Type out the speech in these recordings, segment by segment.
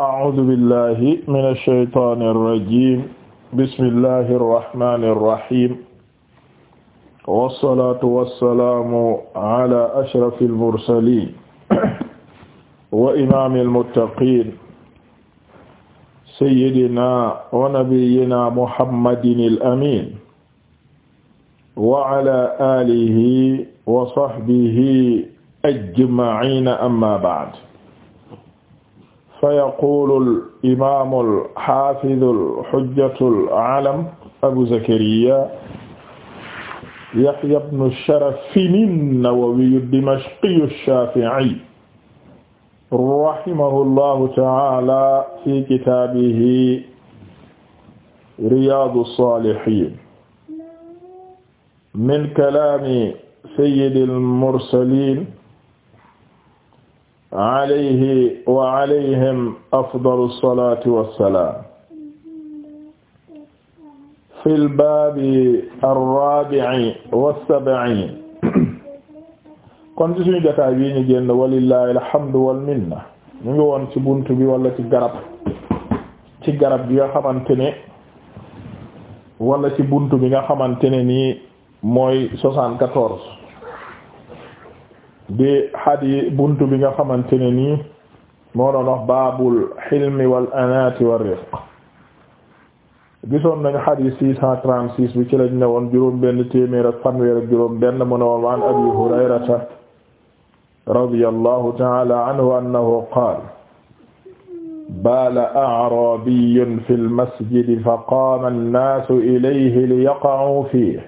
a'uuzu billahi mina shaytaani rajiim bismillahi rahmaani rahiim wassalaatu wassalaamu ala ashrafil mursaliin wa imaamil muttaqiin sayyidinaa wa nabiyyinaa muhammadinil amiin wa ala aalihi wa sahbihi ajma'iin amma ba'd fayaqulul imaamul xaafidul xujjatul caalam abu zakariya yaxya bnu sharafin nawawiyu dimashqiyu shaafici rahimahullahu tacaala fi kitaabihi riyaadu saalihiin min kalaami sayyidil mursaliin alayhi wa alayhim afdalu salaatu wa salaam. fil baabi ar-raabi'i wa sab'iin. kon ci suñu jotaay bii ñu génn walillaahi alhamdu wal minna ñu ngi woon ci buntu bi wala ci garab ci garab bi nga xamante ne wala ci buntu bi nga xamante ne nii mooy soixante-quatorze. bi hadi buntu bi nga xamante ne nii moo doon wax baabul xilmi wal anaati war rifq gisoon nañu hadiis six cent trente-six bi ci lañ ne woon juróom benn téeméer ak fanweer ak juróom benn mu ne woon waan abi hurayrata radiyallahu ta'ala anhu annahu qaala baala a'raabiyyun fil masjidi faqaama an-naasu ilayhi liyaqa'uu fiihi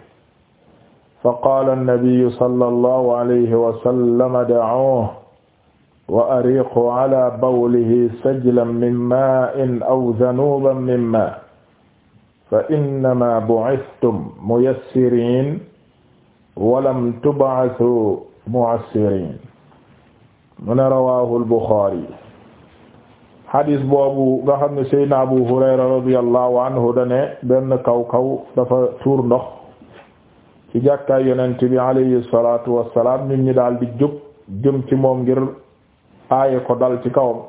faqaala nabiyu sallallahu alayhi wa sallam da'uuhu wa ariiquu ala bawlihi sajlan min maa'in aw dhanuuban min maa'in fa innamaa bu'ithtum muyassiriin wa lam tub'athuu mu'assiriin mu ne rawaahul Buxaari xadis boobu nga xam ne Seydina Abu Hurayra radiyallahu anhu dane benn kaw kaw dafa tuur ndox ci jàkkaay yonent bi alayhi salaatu wassalaam nit ñi daal di jóg jëm ci moom ngir aaye ko dal ci kawam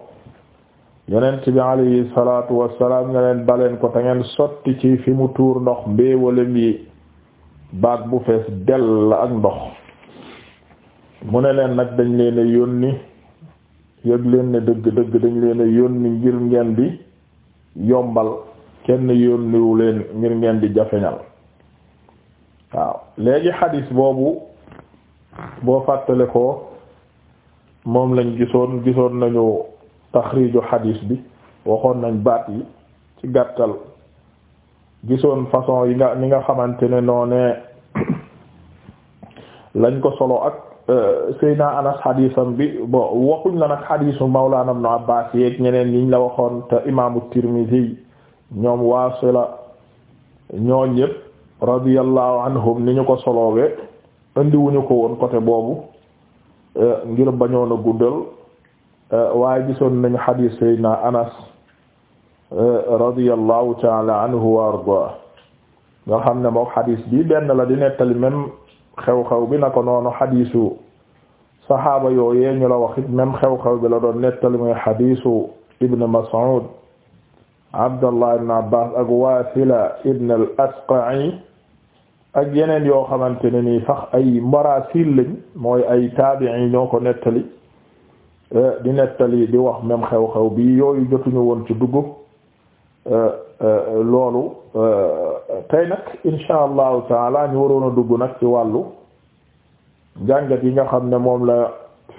yonent bi alayhi salaatu wassalaam nga leen baleen ko te ngeen sotti ci fi mu tuur ndox mbéewalem yi baag bu fees dell ak ndox mu ne leen nag dañ leen a yónni yëg leen ne dëgg-dëgg dañ leen a yónni ngir ngeen di yombal kenn yónniwu leen ngir ngeen di jafeñal waaw léegi xadis boobu boo fàttale ko moom lañ gisoon gisoon nañu taxriiju xadis bi waxoon nañ baat yi ci gàttal gisoon façon yi nga ni nga xamante ne noone lañ ko solo ak euh, Seyna Anas xadisam bi bon waxuñ la nag xadisu Mawlana Ibn Abbas yeeg ñeneen ñiñ la waxoon te imaamu Tirmidhi ñoom waasila ñoo ñépp radiyallahu anhum ni ñu ko soloowe indiwuñu ko woon côté boobu eh, ngir bañoon a guddal eh, waaye gisoon nañu xadiis sayyidina anas eh, radiyallahu taala anhu wa ardaa nga xam ne mook xadiis bi benn la di nettali même xew-xew bi na ko noonu xadiisu saxaaba yooyee ñu la wax it xew-xew bi la doon nettali mooy xadiisu ibn Mas'ud Abdallah ibn Abbas ak Wasila ibn al-Asqa'i ak yeneen yoo xamante ne nii sax ay maraasil lañ mooy ay taabi'i ñoo ko nettali eh, di nettali di wax même xew-xew bi yooyu jotuñu woon ci dugg eh, eh, loolu tey nag insha allahu taala ñu waroon a dugg nag ci wàllu jàngat yi nga xam ne moom la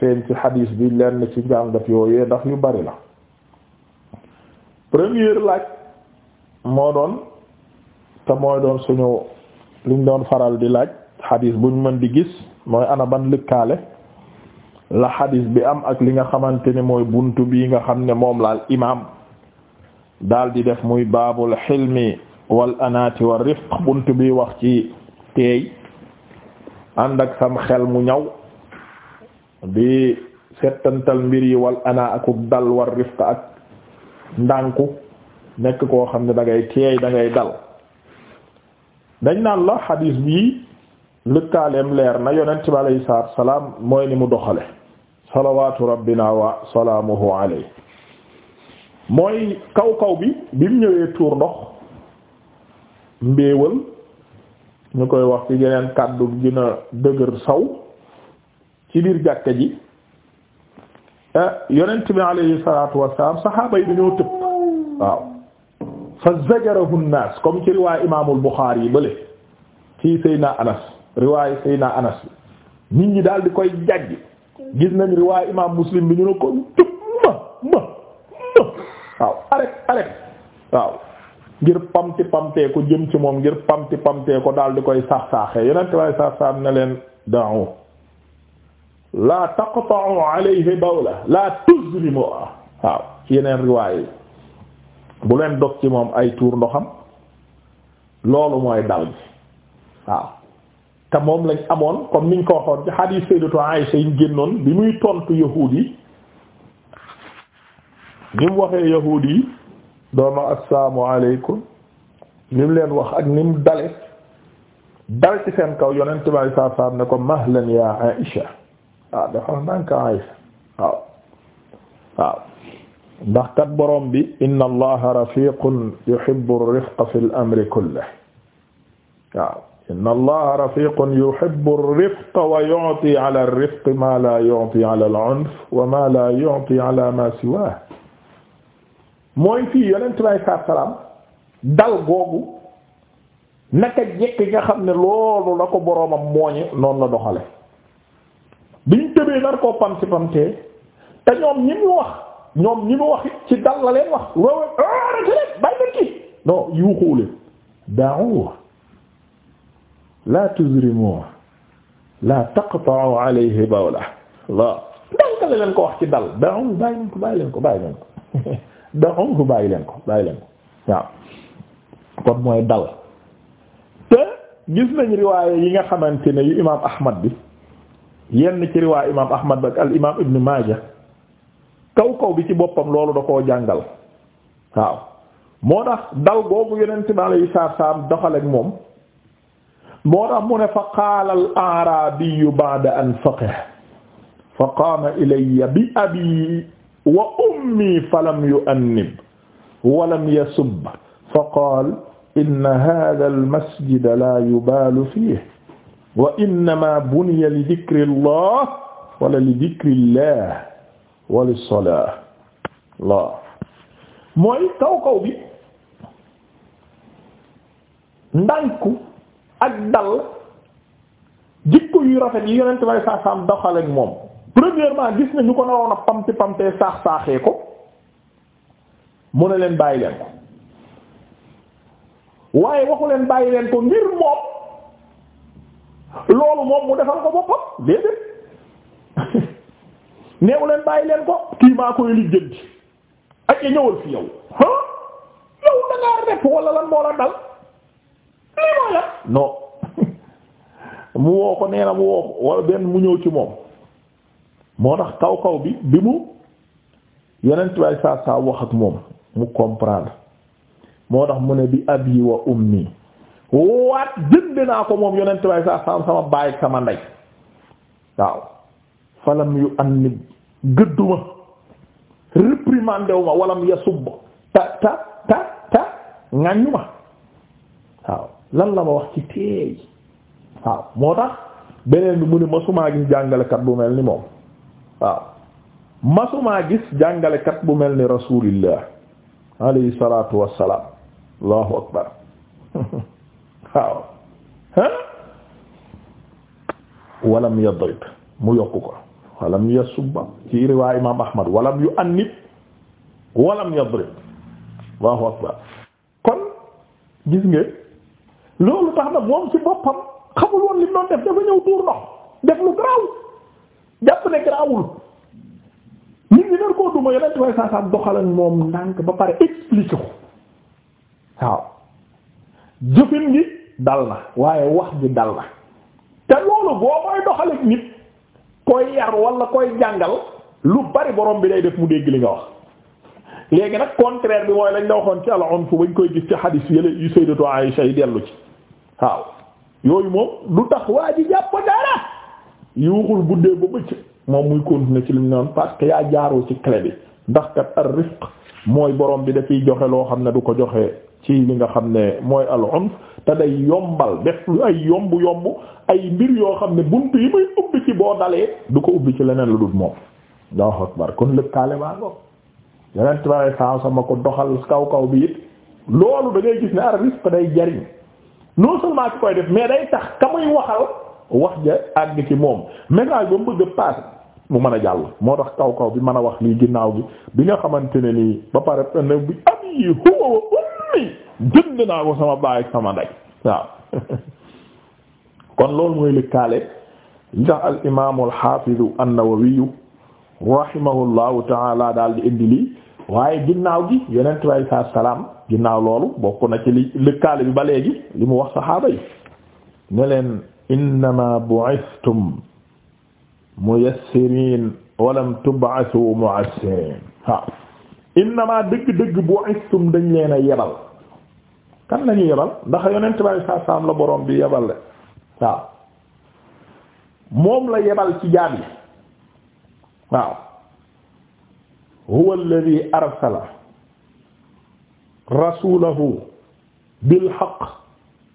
feeñ ci xadiis bi lenn ci jàngat yooyee ndax yu bari la première laaj moo doon te mooy doon suñu liñ doon faral di laaj xadiis buñ mën di gis mooy ana ban lëkkaale la xadiis bi am ak li nga xamante ne mooy bunt bii nga xam ne moom laal imaam daal di def muy baabul xilmi wal anaati wa rifq bunt bi wax ci teey ànd ak sam xel mu ñaw bi settantal mbir yi wal ana akub dal war rifq ak ndànku nekk koo xam ne dangay ngay teey dangay ngay dal dañ naan la xadiis bii lëkkaaleem leer na yonent bi alayhi salaatu salaam mooy ni mu doxale salawaatu rabbina wa salaamuhu alayhi mooy kaw kaw bi bi mu ñëwee tuur ndox mbéewal ñu koy wax ci geneen kàddu gën a dëgër saw ci biir jàkka ji Eh, yonent bi alayhi salaatu wassalaam saxaaba yi dañoo tëb waaw fa zajarahu nnaas comme ci riwaay imaamul Buxaari yi bële ci Seyna Anas riwaay Seyna Anas nit ñi daal di koy jàjj gis nañ riwaay imaam Muslim bi ñu ne ko tëb ma ma ma waaw arrêt arrêt waaw ngir pamti pamtee jëm ci moom ngir pamti pamtee daal di koy saax saaxee yonent bi alayhi salaatu ne leen da'u la taqta'u alayhi bawla la tuzrimu waaw ci yeneen riwaay bu leen dog ci moom ay tuur ndoxam loolu mooy dal bi waaw te moom lañ amoon comme niñ ko waxoon ci hadith sayyidatu Aisha yi génnoon bi muy tontu yahuud yi ni mu waxee yahuud yi dooma assalaamu alaykum ni mu leen wax ak ni mu dale dal ci seen kaw yonent bi sallallahu alayhi wasallam ne ko mahlan ya Aisha ah dafa ndànka Aysa waaw waaw ndax kat borom bi inna allaha rafiqun yuhibbu ar-rifqa fil amri kullihi waaw inna allaha rafiqun yuhibbu ar-rifqa wa yu'ti 'ala ar-rifqi ma la yu'ti 'ala al-'unf wa ma la yu'ti 'ala ma siwahu mooy fii yonent bi alayhi salaatu salaam dal googu naka jekk nga xam ne loolu la ko boroomam mooñe noonu la doxale tëbee nar koo pam ci pam te ñoom ñi mu wax ñoom ñi mu wax ci dal la leen wax loolu arrêté leen bàyyi leen kii non yuuxu leen da'u la tuzrimu la taqta'u alayhi bawla la leen ko wax ci dal da'u bàyyi leen ko bàyyi leen ko bàyyi leen leen ko bàyyi leen ko waaw kon mooy dal te gis nañ riwaaye yi nga xamante ne yu imaam Ahmad bi yenn ci riwaa imaam Ahmad bak al imaam Ibn Maaja kaw kaw bi ci boppam loolu da koo jàngal waaw moo tax dal boobu yonent bi alayhi salaam doxal ak moom moo tax mu ne fa qaala al a'raabi ba'da an faqiha fa qaama ilayya bi abi wa ummi falam yu'annib wa lam yasub fa qaala inna haadha al masjida laa yubaalu fiihi wa innama buniya li dikri llah wala li dikri llah wa li solah la mooy kaw kaw bi ndànku ak dal jikko yu rafet yi yonent bay saasaam doxal ak moom premièrement gis na ñu ko naroon a pamti pamtee saax saaxee ko mu ne leen bàyyi leen ko waaye waxu leen bàyyi leen ko ngir moom loolu moom mu defal ko boppam déedéet neew leen bàyyi leen ko kii maa koy lijjanti ak ya ñëwal fi yow ah yow da ngaa rep lan moo la dal lii moo la non mu woo ko nee mu woo wala benn mu ñëw ci moom moo tax kaw kaw bi bi mu yeneen tubaab saa saa wax ak moom mu comprendre moo tax mu ne bi abi wa ummi. waat jënd naa ko moom yonent bay sa sama baay sama ndey waaw falam yu annib gëdduma réprimandé wu ma walam yasub ta ta ta ta ŋàññu ma waaw lan ma wax ci teey waaw moo tax beneen bi mu ne masumaa gis jàngalekat bu mel ni moom waaw masumaa gis jàngalekat bu mel ni rasulillah alayhi salatu wassalam allahu akbar waaw ah walam yadrib mu yokk ko walam yasubba ci riwaay imam ahmad walam yu annib walam yadrib allahu akbar kon gis nga loolu tax na moom ci boppam xamul woon li mu def dafa ñëw tuur ndox def lu garaaw jàpp ne garaawul nit ñi nar koo duma yeneen way saa saa doxalan moom ndànk ba pare expliqué ko waaw jëfin gi dal na waaye wax bi dal na te loolu boo koy doxaleek nit koy yar wala koy jàngal lu bari borom bi day def mu dégg li nga wax léegi nag contraire bi mooy lañ la waxoon ci al-unf bañ koy gis ci xadis yële yu sayyidatu Aisha yi dellu ci waaw yooyu moom du tax waa ji jàpp dara yuuxul guddee ba bëcc moom muy continuer ci li mu noonu parce yaa jaaroo ci clé bi ndax kat ar-rifq mooy borom bi dafay joxe loo xam ne du ko joxe ci li nga xam ne mooy al te day yombal def ay yomb yomb ay mbir yoo xam ne bunt yi muy ubbi ci boo dalee du ko ubbi ci leneen lu dul moom Allahu akbar kon lëkkaale baa ngo yeneen bare sama ko doxal kaw kaw bi it loolu da ngay gis ne ar risque day jariñ non seulement koy def mais day tax ka muy waxal wax ja àgg ci moom message ba mu bëgg a mu mën a jàll moo tax kaw kaw bi mën a wax lii ginnaaw gi bi nga xamante ne nii ba pare ne bi am ummi jënd sama baay sama nday waaw kon loolu mooy lëkkaale ndax al imaamu al xaafidu an-Nawawiyu rahimahullahu daal di indi lii waaye ginnaaw gi yeneen tubaab saa salaam ginnaaw loolu bokk na ci li lëkkaale bi ba léegi li mu wax saxaaba yi ne leen innama walam tub'athu mu'assirin innama dëgg-dëgg boo istum dañ leen a yebal kan lañu yebal ndax yonent baay saa saam la borom bi yebal la waaw moom la yebal ci jaam yi waaw huwa alladhi arsala rasulahu bil haqq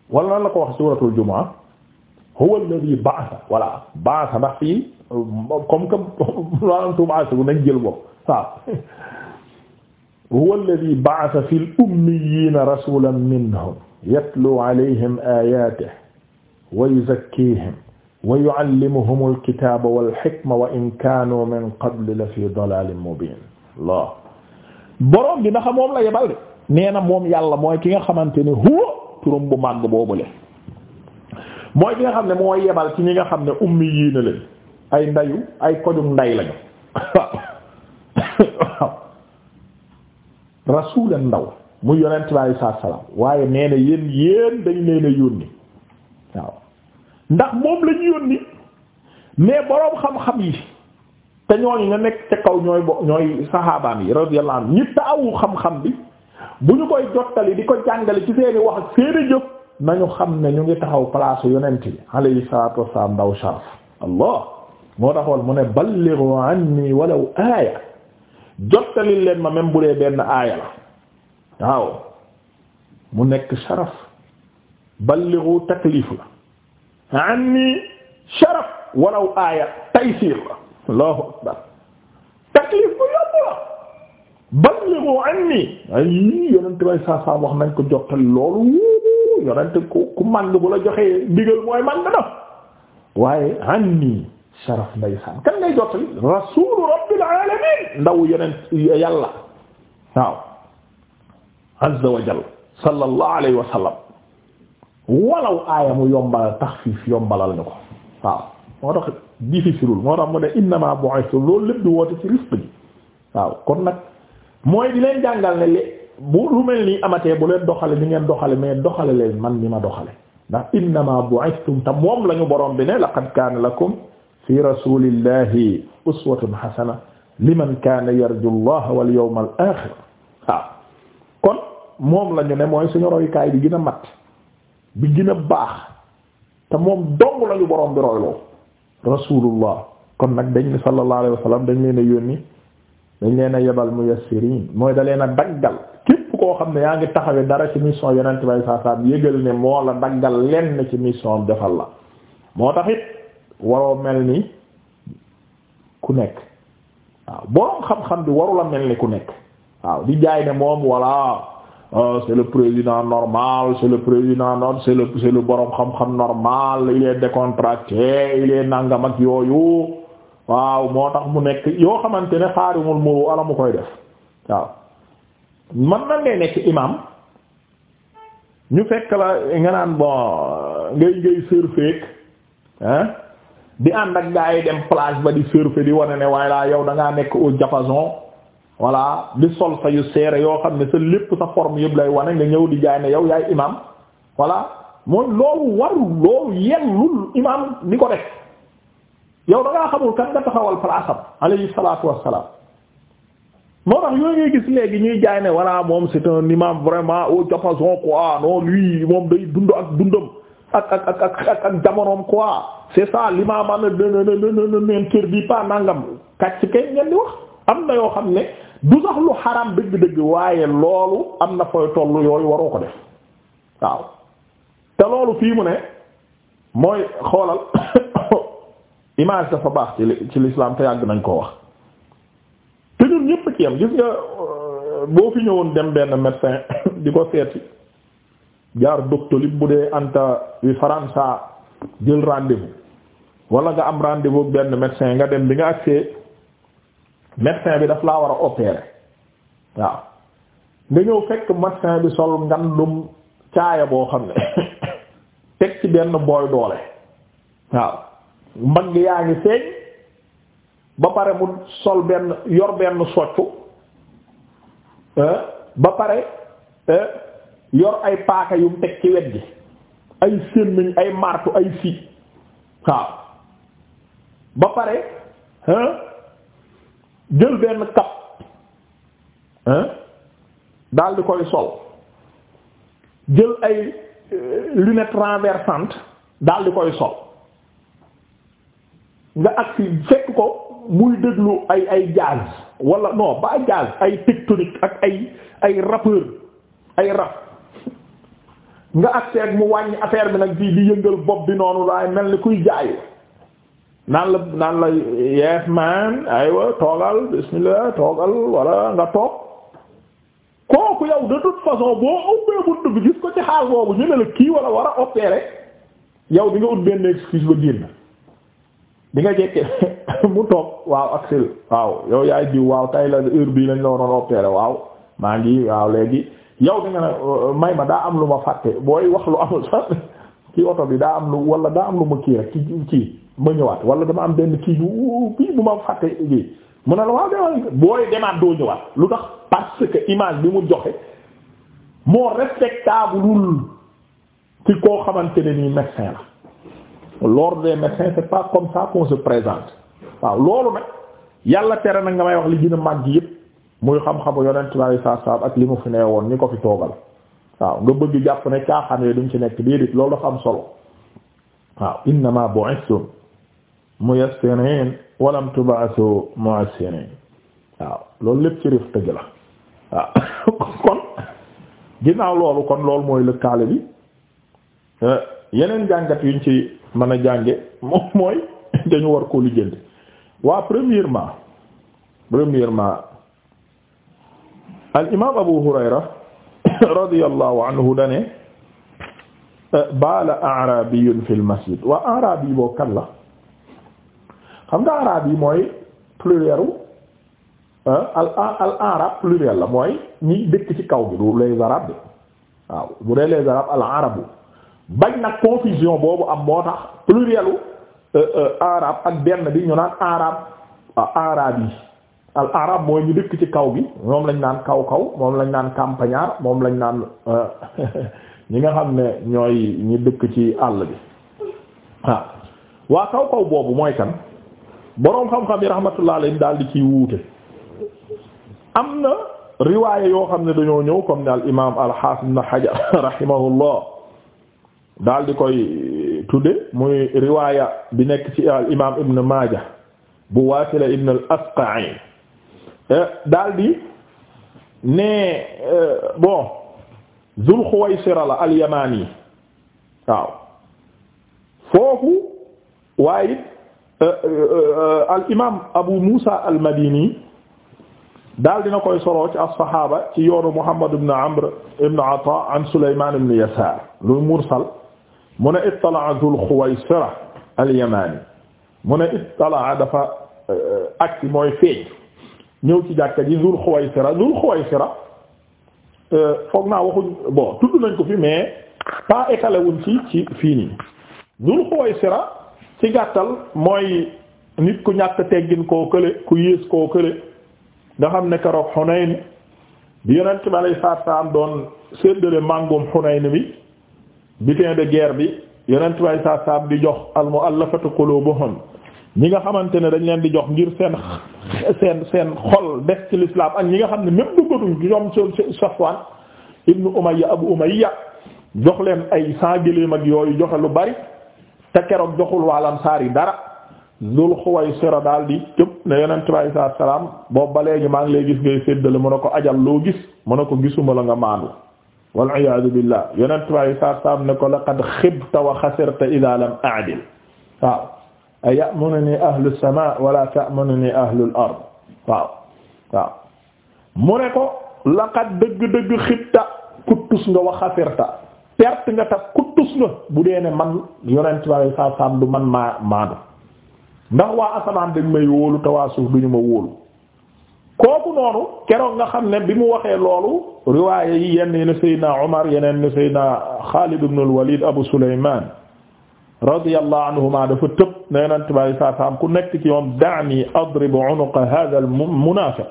wala nan la ko wax suuratul jumaa huwa alladhi ba'atha wala ba'atha ndax fii comme que maanaam tubaab nañ jël bopp waaw huwa alladhi ba'atha fil ummiyyiina rasulan minhum yatlu alayhim aayaatihi wa yuzakkiihim wa yu'allimuhumul kitaaba wal hikmata wa in kaanuu min qablu lafii dalaalin mubiin Allah boroom bi ndax moom la yebal de nee na moom yàlla mooy ki nga xamante ne huwa turam bu màgg boobule mooy ki nga xam ne moo yebal ci ñi nga xam ne ummi yii na leen ay ndayu ay kojum nday lañu waaw rasulan ndaw mu yonent bi alayhi salaatu waaye nee na yéen yéen dañ leen a yónni waaw ndax moom la ñu yónni mais boroom xam-xam yi te ñooñu nga nekk ca kaw ñooy bo ñooy saxaabaam yi radiyallahu anhum ñi taawu xam-xam bi bu ñu koy jottali di ko jàngale ci seeni wax ak seeni jëf nañu xam ne ñu ngi taxaw palaasu yonent bi alayhi salaatu wassalaam ndaw sharaf allah moo taxoon mu ne ballighu anni walaw aaya jottalil leen ma même bu dee benn aaya la waaw mu nekk sharaf ballighu taklif la anni sharaf walaw aaya taysir la allahu akbar taklif bu yomb la ballighu anni ay yonent bay saa saa wax nañ ko jottali loolu yonent ku ku màgg bu la joxee ndigal mooy màgg na waaye anni sharaf ndeysaan kan ngay jottali rasuulu rabb alamin ndaw yeneen yàlla waaw azza wa jalla alayhi wa walaw aaya mu yombalal taxfiif yombalal ñu ko waaw moo tax difficile moo tax mu ne innama bu'ithu loolu lépp di waaw kon nag mooy di leen jàngal ne li bu lu mel nii amatee bu leen doxale ni ngeen doxale mais doxale leen man ni ma doxale ndax innama bu'ithum te lañu borom bi ne laqad kaana lakum fi rasulillahi uswatun hasana liman kaana yarju llaha wal yawmal axir waaw kon moom la ñu ne mooy suñu royukaay bi gën a mat bi gën a baax te moom dong lañu borom bi royloo rasulullah kon nag dañ ne sallallahu alayhi wa sallam dañ leen a yónni dañ leen a yebal muyassirin mooy da leen a daggal képp koo xam ne yaa ngi taxawee dara ci mission yonent bay saa saa yëgal ne moo la daggal lenn ci mission defal la moo tax waroo mel ni ku nekk. waaw boroom xam-xam bi warula mel ni ku nekk waaw di jaay ne moom voilà euh, c'est le président normal c'est le président normal c'est le c'est le boroom xam-xam normal il est décontracté il ak yooyu waaw moo tax mu nekk yoo xamante ne xaarimul muru ala mu koy def waaw man na nekk imam ñu fekk la nga naan bon ngay ngay surfeek hein di ànd ak gaa dem plage ba di surfer di wane ne waaye laa yow da ngaa nekk au diapason voilà di sol sa yu seere yoo xam ne sa lépp sa forme yëpp lay wane nga ñëw di jaay ne yow yaay imam voilà mooy loolu warul loolu yellul imam di ko def yow da ngaa xamul kan nga taxawal place am alayhi salaatu wassalaam moo tax yooyu ngay gis léegi ñuy jaay ne voilà moom c'est un imam vraiment au diapason quoi non lui moom day dund ak dundam ak ak ak ak ak jamonoom quoi c'est ça li ma man n'interdit pas nangam kàcc kay ngeen di wax am na yoo xam ne du sax lu xaram dëgg-dëgg waaye loolu am na fooy tollu yooyu waroo ko def waaw te loolu fii mu ne mooy xoolal image dafa baax ci ci l'islam te yàgg nañ koo wax te ñun ñépp ci yam gis nga boo fi ñëwoon dem benn médecin di ko seeti jaar Doctolib bu dee anta wi faransa jël rendez-vous wala nga am rendez-vous benn médecin nga dem bi nga agsee médecin bi daf laa war a opérer waaw nga ñëw fekk médecin bi sol ngandum caaya boo xam ne teg ci benn booy doole waaw mbagg yaa ngi feeñ ba pare mu sol benn yor benn soccu eh? ba pare eh? yor ay paaka yum teg ci wet gi ay sémmiñ ay martu ay fii waaw ba pare hein jël benn kap hein daal di koy sol jël ay euh, lunette renversante daal di koy sol nga agsi fekk ko muy déglu ay ay jazz walla non ba jazz ay tectonique ak ay ay rappeur ay rap nga accès ak mu wàññi affaire bi nag bii di yëngal bopp bi noonu laay mel ni kuy jaayu naan la naan la yes man aywa toogal bismillah toogal wala nga toog kooku yow de toute façon boo ubbee bunt bi gis ko ci xaal boobu ñu ne la kii wala war a opérer yow di ut benn excuse ba génn di jekke mu toog waaw accès waaw yow yaay jiw waaw tay la heure bii lañ la waroon opérer waaw maa ngi waaw léegi yow di nga ne euh, may ma daa am lu ma fàtte booy wax lu amul sax oto bi daa am lu wala daa am lu ma kii rek ci kii ma ñëwaat wala dama am benn kii kii bu ma fàtte kii mu la waaw booy demaat doo ñëwaat lu tax parce que image bi mu joxe moo respectable ci koo xamante ne nii médecin la l'ordre des médecins c'est pas comme ça qu'on se présente waaw loolu nag yàlla tere na nga may wax li gën a màgg yépp muy xam-xamu yonent bi alayhi salaatu salaam ak li mu fi ne woon ni ko fi toogal waaw nga bëgg jàpp ne caaxaan yooyu duñ ci nekk déedéet loolu dafa am solo waaw innama bu'ithtum muyassirin wa lam tub'athu mu'assirin waaw loolu lépp ci rif tëgg la waaw kon ginnaaw loolu kon loolu mooy lëkkaale bi yeneen jàngat yuñ ci mën a jànge moom mooy dañu war koo lijjanti waa premièrement premièrement al imaam Abu Hurayra radiyallahu anhu dane eh, baala a'rabiyun fil masjid waa a'rabi boo kan la xam nga yi mooy pluriel eh, al al arab la mooy ñi dëkk ci kaw bi du les arabes waaw bu dee les al arabu bañ confusion boobu am moo plurielu eh, arabe ak benn bi ñu naan arabe ah, arabe yi al arab mooy ñu dëkk ci kaw gi moom lañ naan kaw kaw moom lañ naan campagnard moom lañ naan euh, ñi nga xam ne ñooy ñu dëkk ci àll bi waaw waa kaw kaw boobu mooy kan boroom xam-xam yi rahmatullah alayhi daal di ciy wuute am na riwaaye yoo xam ne dañoo ñëw comme ne al imaam al haafis ibn hajar rahimahullah daal di koy tudde muy riwaaya bi nekk ci al imaam ibn maaja bu waasila ibn al asqa'i Euh, daldi ne euh, bon Zul Xuwaysira la al-Yamani waaw foofu waaye it euh, al imaam Abu Musa al-Madini daal dina koy soroo ci as-saxaaba ci yoonu Muhammad ibn Amr ibn Ata an Sulaymaan ibn Yasaar lu mursal mu ne ittala'a Zul Xuwaysira al-Yamani mu ne ittala'a dafa ak mooy feeñ. ñëw ci jàkka ji Zul Xuwaysira Zul Xuwaysira euh, foog naa waxuñ bon tudd nañ ko fi mais pas étalé wuñ ci ci fii nii Zul Xuwaysira ci gàttal mooy nit ku ñàkk teggin koo kële ku yées koo kële nga xam ne keroog Xunayn bi yonent bi alayhi salaam doon séddale màngum Xunayn bi butin de guerre bi yonent bi alayhi salaam di jox al mu'allafatu qulubuhum ñi nga xamante ne dañ leen di jox ngir seen seen seen xol des ci l'islam ak ñi nga xam ne même duggatuñ ñoom Safwan ibnu Umayya Abu Umayya jox leen ay cent gëléem ak yooyu joxe lu bari te keroog joxul waalam saar yi dara Zul Xuwaysira daal di tëb ne Yonent bi alayhi salaatu salaam boobu ba léegi maa ngi lay gis ngay séddale mu ne ko ajal loo gis mu ne ko gisuma la nga maandu wal iyaadu billah Yonent bi alayhi sa salaam ne ko laqad xibta wa xasirta idaa ya'mununi ahlu samaa wala ta'mununi ahlul ard waaw waaw mu ne ko laqad dëgg-dëgg xibta kuttus nga wa xasirta perte nga ta kuttus nga bu dee ne man yonent bi saa saam du man maa maanu ndax waa asamaan dañ may wóolu te suuf duñu ma wóolu kooku noonu keroog nga xam ne bi mu waxee loolu riwaaya yi yenn yi ne Seydina Omar yeneen ne Seydina Xaalid ibn al Walid Abu Sulaymaan radiyallahu dafa tëb na yonent bi saa saam ku nekk ci moom da'ni adrib unuqa hadha al munafiq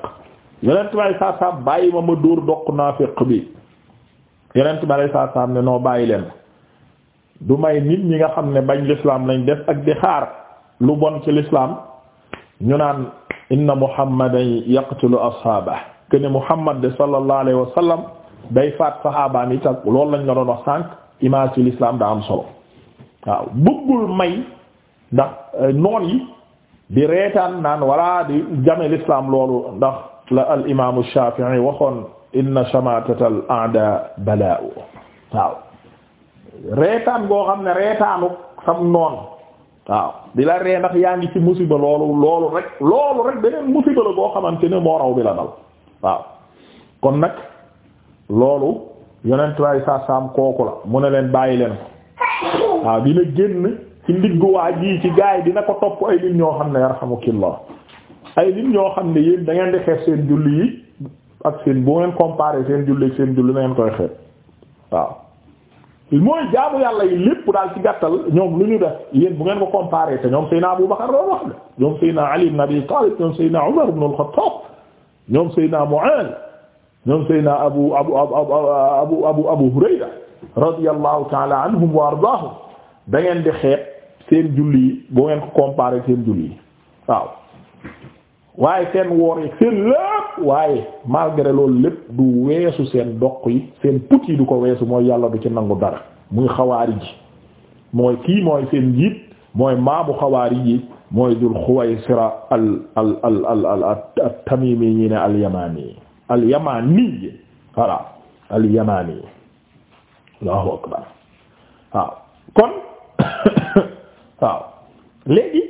yonent bi saa saam bàyyi ma ma dóor doq naafiq bi yonent bi saa saam ne noo bàyyi leen du may nit ñi nga xam ne bañ l'islam lañ def ak di xaar lu bon ci l'islam ñu naan inna muhammadan yaqtulu ashaabah kene muhammad de sallallahu alayhi wa sallam day faat saxaabaam yi tag loolu lañ la doon wax sànq image ci l'islam daa am solo waaw bëggul may ndax euh, noon yi di reetaan naan wala di jame l'islam loolu ndax la al imaamu Shafi'i waxoon inna shamatatal a'da bala'u waaw reetaan goo xam ne reetaanu sam noon waaw di la ree ndax yaa ngi ci musiba loolu loolu rek loolu rek beneen musiba la goo xamante ne moo raw bi la dal waaw kon nag loolu yonent way sa kooku la mu ne leen bàyyi leen ko waaw dina génn ci ndigguwaa ji ci gaay dina ko topp ay lim ñoo xam ne yarhamukallah ay lim ñoo xam ne yéen da di xeet seen julli yi ak seen bu ngeen comparé seen julli seen julli na ngeen koy xeet waaw mooy jaamu yàlla yi lépp daal ci gàttal ñoom lu ñu def yéen bu ngeen ko comparé te ñoom Seydina Abu Bakar doon wax de ñoom Seydina Ali ibn ñoom Seydina Umar ibn al-Khattab ñoom Seydina Mu'adh ñoom Seydina Abu Abu Abu Abu Abu Hurayra radiyallahu ta'ala anhum wa ardaahum da di xeet seen julli yi boo ngeen ko comparer seen julli yi waaw waaye seen woor yi seen lépp waaye malgré lépp du weesu seen doq yi seen put yi du ko weesu mooy yàlla du ci nangu dara muy xawaari ji mooy kii mooy seen njiit mooy maamu xawaari ji mooy dul xuwaysira al al al al al tamimi ñi ne al yamani al yamani waaw kon waaw léegi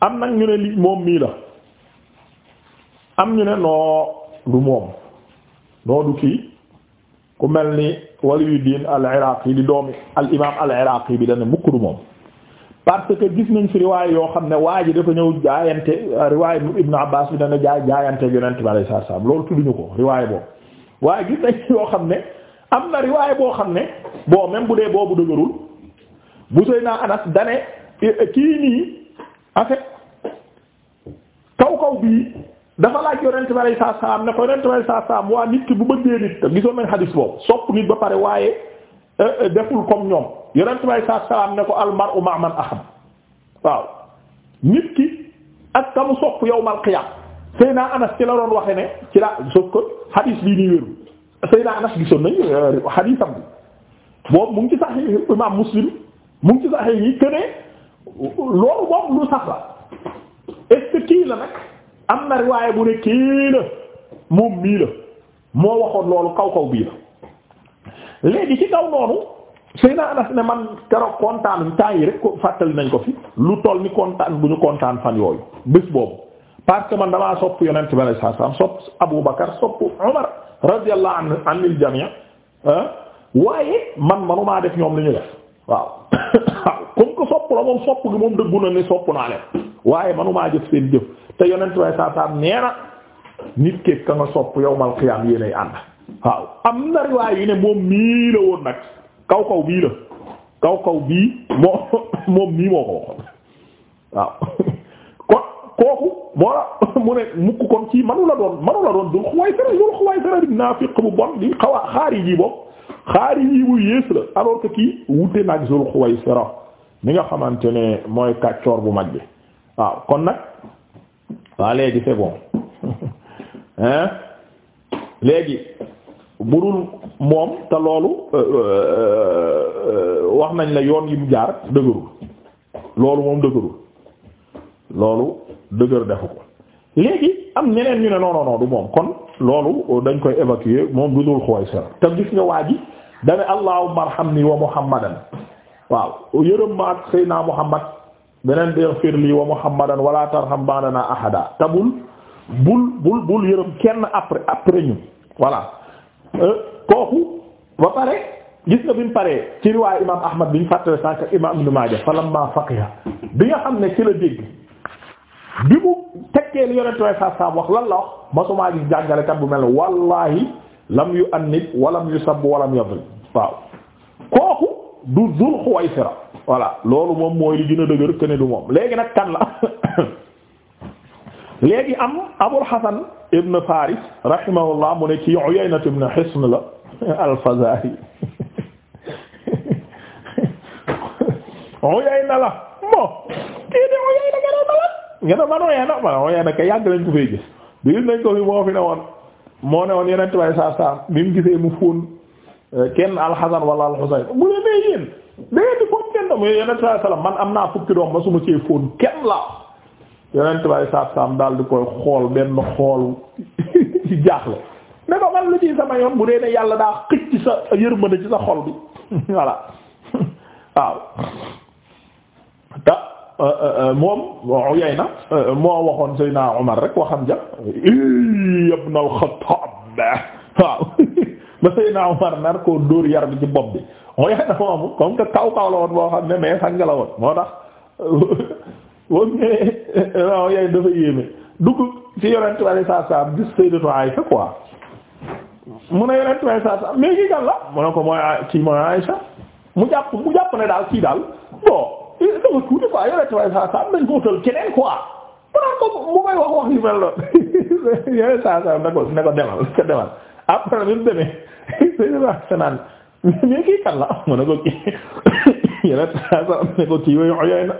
am nag ñu ne li moom mii la am ñu ne noo du moom noo du kii ku mel ni waliyuddin al iraqi di doomi al imam al iraqi bi dana mukk du moom parce que gis nañ yoo xam ne waa ji dafa ñëw jaayante riwaay ibnu abbas bi dana jaay jaayante yonent bi alayhi salaam loolu tudduñu ko riwaay boobu waaye gis nañ yoo xam ne am na riwaay boo xam ne bon même bu dee boobu dëgërul bu sëy naa anas dane eh, eh, kii nii en fait kaw kaw bii dafa laaj yonent bi alay saa saam ne ko yonent bi alay saam waa nit ki bu bëggee nit gisoon nañ xadis boobu sopp nit ba pare waaye eh, deful comme ñoom yonent bi alay saam ne ko almar u maaman aham waaw nit ki ak kamu sopp yowmal qiyaam Seyna Anas ci la doon waxe ne ci la soog ko xadis bii nii wéru Seyna Anas gisoon nañ xadisam bi boobu mu ngi ci imaam Muslim mu ngi ci saxee yi que loolu moom lu sax la est kii la nag am na riwaaye bu ne kii la moom mii la moo waxoon loolu kaw kaw bii la léegi ci kaw noonu Seydina ne man keroog kontaan temps yi rek ko fàttali nañ ko fi lu toll ni kontaan bu ñu kontaan fan yooyu bés boobu parce man damaa sopp yonent bi sallallahu alayhi wasallam sopp Abu Bakar sopp Umar radiyallahu anil jami' ah, waaye man manumaa def ñoom li ñu def waaw waaw comme que sopp la moom sopp gi moom dëggu na ni sopp naa leen waaye manumaa jëf seen jëf te yonent way saa saa nee na nit keeg ka nga sopp yowmal qiyaam yéenay ànd waaw am na riwaay ne moom mii la woon nag kaw kaw bii la kaw kaw bii moo moom mii moo ko waxoon waaw kon kooku moo mu ne mukk kon ci manu la doon manu la doon dul xuwaay sara dul xuwaay sara di naafiq bu bon di xawa xaariji boobu xaari yi bu yées la alors que wute nag Zul Xuwaysira mi nga xamante ne mooy kàccoor bu mag bi waaw kon nag waa léegi c'est bon hein léegi budul moom te loolu euh, euh, wax nañ la yoon yi mu jaar dëgërul loolu moom dëgërul loolu dëgër defu ko léegi am ñeneen ñu ne non non moom kon loolu dañ koy évacuer moom du dul xooy sera te gis nga waa ji dane allahumma arhamni wa muhammadan waaw yërëm ma ak sayna muhammad beneen ighfir li wa muhammadan wala tarham ba'dana ahada te bul bul bul bul yërëm kenn après après ñu voilà euh, kooku ba pare gis nga bi mu paree ci riwaay imam ahmad bi ñu fàttale sànk imam ibn majah falamma faqiha bi nga xam ne ci la dégg bi mu tekkee li yonent way sa saab wax lan la wax gis jàngalekat bu mel wallahi lam yu annib walam yu sab walam yadrib waaw kooku du Zul Xuwaysira voilà loolu moom mooy li gën a dëgër que ne du moom léegi nag kan la léegi am Abul Hasan ibn Faris rahimahullah mu ne ci Uyayna ibn Hisn la al kii de Uyayna garo mala ngeen a man oyeena man yàgg lañ ko fay gis bi nañ ko fi moo fi ne woon moo ne woon yeneen tubaay saa saa bi mu gisee mu fóon euh, kenn alxasan wala alxusayn bu leen nee yéen da di fóon kenn mu yeneen tubaay salaam man am naa fukki doom ba su kenn la yeneen tubaay daal di koy xool benn xool ci ne ko man lu ci sama yoon bu dee ne yàlla daa xëcc sa yërmande ci sa xol bi voilà waaw Euh, euh, euh, moom Uyayna moo waxoon Seydina Umar rek waxam ja ibn al-Khattab waaw ba Seydina Umar nar koo dóor yar bi ci bopp bi Uyayna moomu comme que kaw kaw la woon boo xam ne mais sang la woon moo tax woon ne dafa yéeme dugg ci yonent wala saa saa gis Sayyidatu Aïsha quoi mu ne yonent wala saa saa mais kii kan la mu ne ko mooy kii mooy Aïsha mu jàpp mu jàpp ne daal kii daal bon. dafa eh, tuuti quoi yore tubaab saa saa nañ ko utal keneen quoi maanaam moom mu may wax wax yu mel noonu yore saa saa ne ko ne ko demal ne ko demal après bi mu demee dañu la wax naan mais kii kan la mu ne ko kii yore saa saa ne ko kii yooyu yooyu na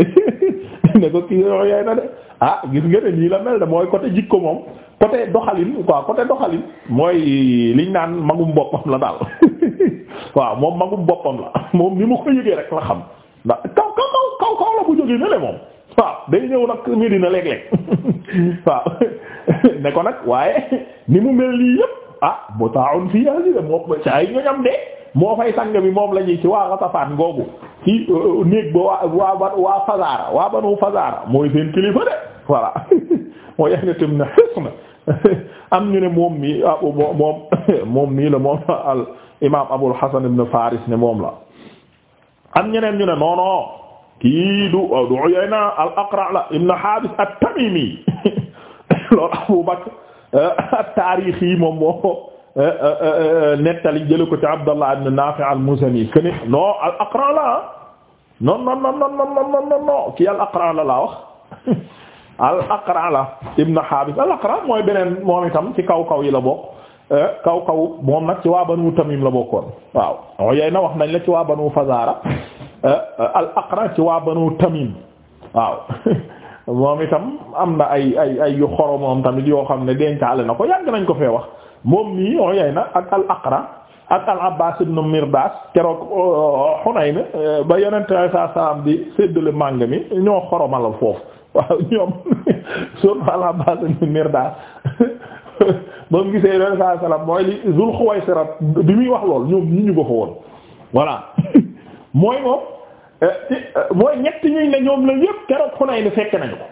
ne ko kii yooyu yooyu na de ah gis nga ne nii la mel de mooy côté jikko moom côté doxalin quoi côté doxalin mooy liñ naan magum boppam la daal waaw moom magum boppam la moom ni mu ko yëgee rek la xam. ndax kaw kaw kaw kaw kaw la bu jógee ne le moom waaw day ñëw nag Medina léeg-léeg waaw ne nag waaye ni mu mel nii yëpp ah bu taawun fii yaa ngi moom moo fay sang bi moom la ñuy ci waa Xatafaan googu ci euh, euh, néeg ba waa waa banu Fazaara mooy seen kilifa de voilà mooy yaa ngi tam na am ñu ne moom mii ah, moom moom mii la moom al imaam Abul Hasan ibn Faris ne moom la. am ñeneen ñu ne non non kii du euh, du Uyayna al Aqra la ibn Habis at-Tamimi loolu Abu Bakr euh, at-Tariikhi moom moo euh, nettali jële ko ci Abdallah ibn Nafi' al-Muzani kene non al Aqra la ah. non non non kii al Aqra la laa al Aqra la ibn Habis al Aqra mooy beneen moom itam ci kaw kaw yi la bokk Euh, kaw kaw moom nag ci waa banu tamim la bokkoon waaw oo yey na wax nañ la waa banu fazara euh, euh, al aqra ci itam am na ay ay ay yu xoromoom tamit xam ne dencaale na ko yàgg ko fee wax oo yey na ak al aqra ak ba yonente ay saa salaam di séddale màng mi ba mu gisee ren saa salaam mooy li Zul Xuwaysira bi muy wax lool ñoom ñu ñu ko fa woon voilà mooy moom eh, eh, mooy ñett ñuy ne ñoom la yépp keroog Xunayn fekk nañu ko